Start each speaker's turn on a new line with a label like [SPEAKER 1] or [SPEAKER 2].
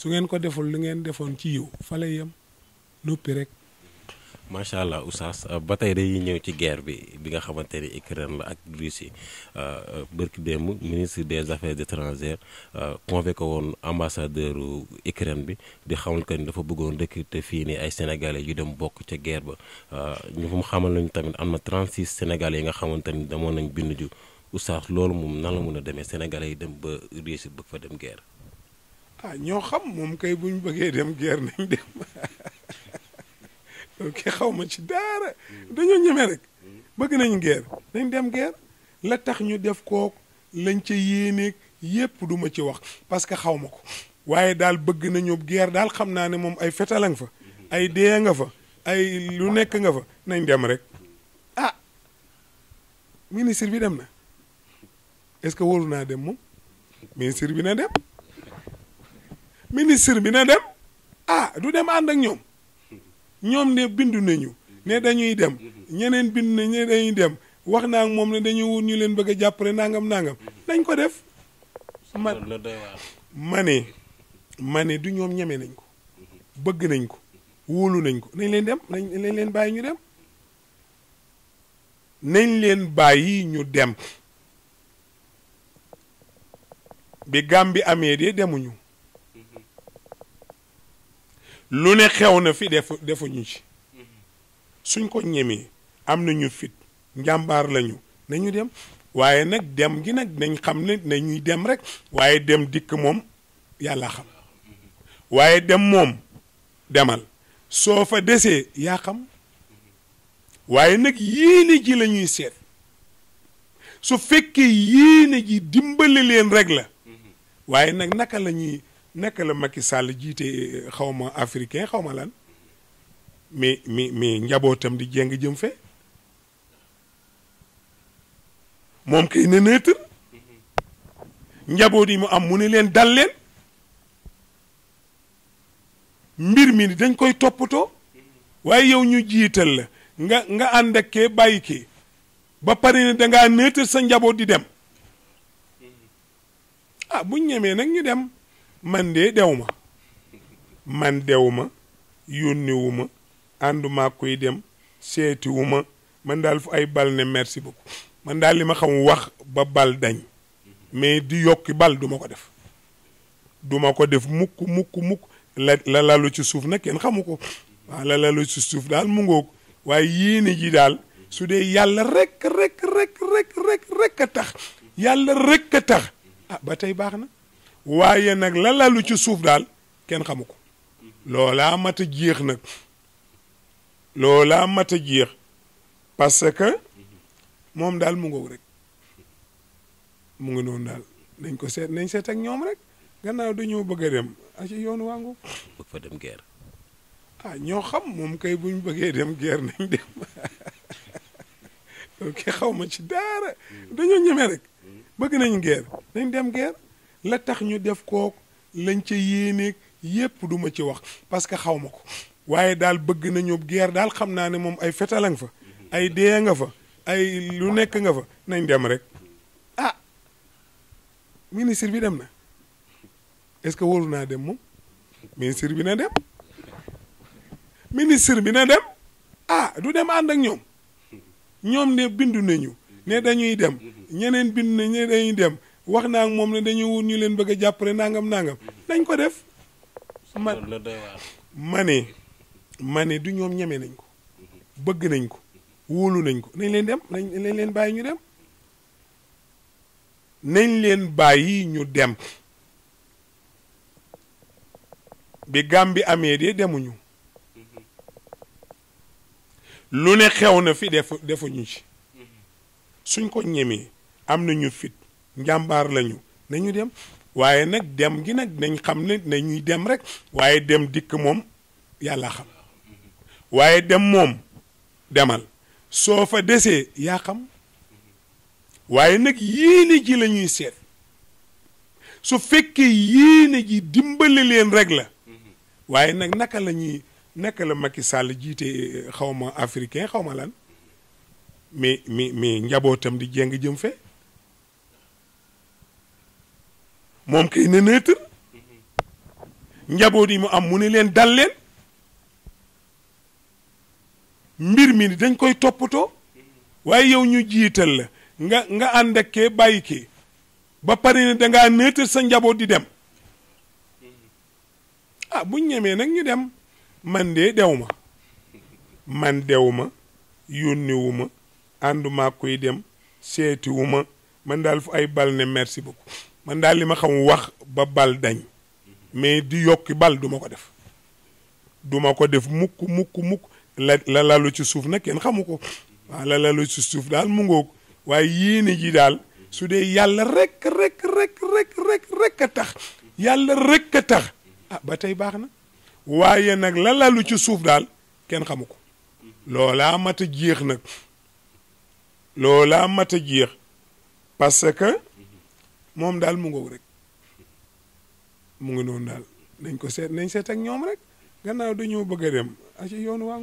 [SPEAKER 1] su ngeen ko deful li ngeen defoon ci yiw fa lay noppi rek. macha allah oustaz euh, ba tey day ñëw ci guerre bi bi nga xamante ni Ukraine la ak Russie euh, euh, bërki démb ministre des affaires étrangères convoqué ko woon ambassadeur Ukraine bi di xamal que ni dafa bëggoon te fii nii ay sénégalais yu dem bokk ca geer ba ñu mu xamal nañu tamit am na 36 sénégalais yi nga xamante ni demoon nañ bind ju oustaz loolu moom nan la mën a demee sénégalais yi dem ba Russie bëgg fa dem guerre. ah ñoo xam moom kay bu ñu bëggee dem guerre nañ dem loolu kay xaw ma ci daara dañoo ñeme rek mm-hmm. bëgg nañ guerre nañ dem guerre la tax ñu def kook lañ ca yéeneeg yépp duma ci wax parce que xaw ma ko waaye daal bëgg nañu guerre daal xam naa ne moom ay fetal fa mm-hmm. ay dee nga fa ay lu nekk nga fa nañ dem rek mm-hmm. ah ministre bi dem na est-ce que wóoru naa dem moom ministre bi na dem ministre bi na dem ah du dem ànd ak ñoom ñoom ne bindu nañu ne dañuy dem ñeneen bind nañ ne dañuy dem wax naa ak moom ne dañuy wut ñu leen bëgg a jàppale nangam nangam nañ ko def. man ma ne ma ne du ñoom ñeme nañ ko bëgg nañ ko wóolu nañ ko nañ leen dem nañ leen bàyyi ñu dem nañ leen bàyyi ñu dem bi gàm bi amee de demuñu. lu ne xew na fi defu defuñu ci suñ ko ñemee am nañu fit njàmbaar lañu nañu dem waaye nag dem gi nag nañ xam ne nañuy dem rek waaye dem dikk moom yàlla xam waaye dem moom demal soo fa desee yaa xam waaye nag yéene ji lañuy ñuy seet su fekkee yéene ji dimbali leen rek la waaye nag naka lañuy naka la Macky Sall jiite eh, xawma ma africain xaw ma lan mais mais mais njabootam di jéng jëm fe moom kay ne neutre njaboot yi mu am mu ne leen dal leen mbir mi dañ koy toppatoo waaye yow ñu jiital la nga nga ànd kee bàyyi kee ba pare ne dangaa neutre sa njaboot di dem ah buñ ñemee nag ñu dem man de dew ma man dew ma yónniwu ma ànduma kuy dem seetiwu ma man daal fu ay bal ne merci beaucoup man daal li ma xam wax ba bal dañ mais di yokki bal duma ko def duma ko def mukk mukk mukk la la lalu ci suuf nag kenn xamu ko waaw la lalu ci suuf daal mu ngoog waaye yéene ji daal su dee yàlla rek rek rek rek rek rek a tax yàlla rek a ah, ba tey baax na waaye nag la lalu ci suuf daal kenn xamu ko loolaa mat a jeex nag loolaa mat a jeex parce que moom daal mu ngoog rek mu ngi noonu daal nañ ko seet nañ seet ak ñoom rek gannaaw dañoo bëgg a dem a ah, ci yoonu waa ngoog bëgg fa dem guerre ah, ñoo xam moom kay buñ bëggee dem guerre nañ dem loolu kay ma ci daara dañoo ñeme rek bëgg nañ guerre nañ dem guerre la tax ñu def kook lañ ca yéeneeg yépp duma ci wax parce que xaw ma ko waaye daal bëgg na ñoom guerre daal xam naa ne moom ay fetala nga fa ay dee nga fa ay lu nekk nga fa nañ dem rek ah ministre bi dem na est-ce que waru naa dem moom ministre bi na dem ministre bi na dem ah du dem ànd ak ñoom ñoom ne bindu nañu ne dañuy dem ñeneen bindu nañ ne dañuy dem wax naa ak moom ne dañu wut ñu leen bëgg a jàppale nangam nangam nañ ko def. man ma ne ma ne du ñoom ñeme nañ ko bëgg nañ ko wóolu nañ ko nañ leen dem nañ leen bàyyi ñu dem nañ leen bàyyi ñu dem bi gàm bi amee de demuñu lu ne xew na fi def defuñu ci suñ ko ñemee am nañu fit njàmbaar lañu nañu dem waaye nag dem gi nag nañ xam ne nañuy dem rek waaye dem dikk moom yàlla xam waaye dem moom demal soo fa desee yaa xam waaye nag yéene ji lañuy ñuy seet su fekkee yéene ji dimbali leen rek la waaye nag naka lañuy naka la Macky Sall jiite xaw ma africain xaw ma lan mais mais mais njabootam di jéng jëm fe moom kay na neutre njaboot yi mu am mu ne leen dal leen mbir mi dañ koy toppatoo waaye yow ñu jiital la nga nga ànd ak kee bàyyi ba pare ne dangaa neutre sa njaboot di dem a ah, bu ñemee nag ñu dem man de dew ma man dew ma yónnewu ma ànduma kuy dem seetiwu ma man daal fu ay bal ne merci beaucoup man daal li ma xam wax ba bal dañ mais di yokki bal duma ko def duma ko def mukk mukk mukk la la lalu ci suuf nag kenn xamu ko waaw la lalu ci suuf daal mu ngoog waaye yéene ji daal su dee yàlla rek rek rek rek rek rek a tax yàlla a ah, ba tey baax na waaye nag la lalu ci suuf daal kenn xamu ko loolaa mat a jeex nag loolaa mat a jeex parce que moom daal mu ngoog rek mu ngi noonu daal nañ ko seet nañ seet ak ñoom rek gannaaw dañoo bëgg a dem a ci yoonu waa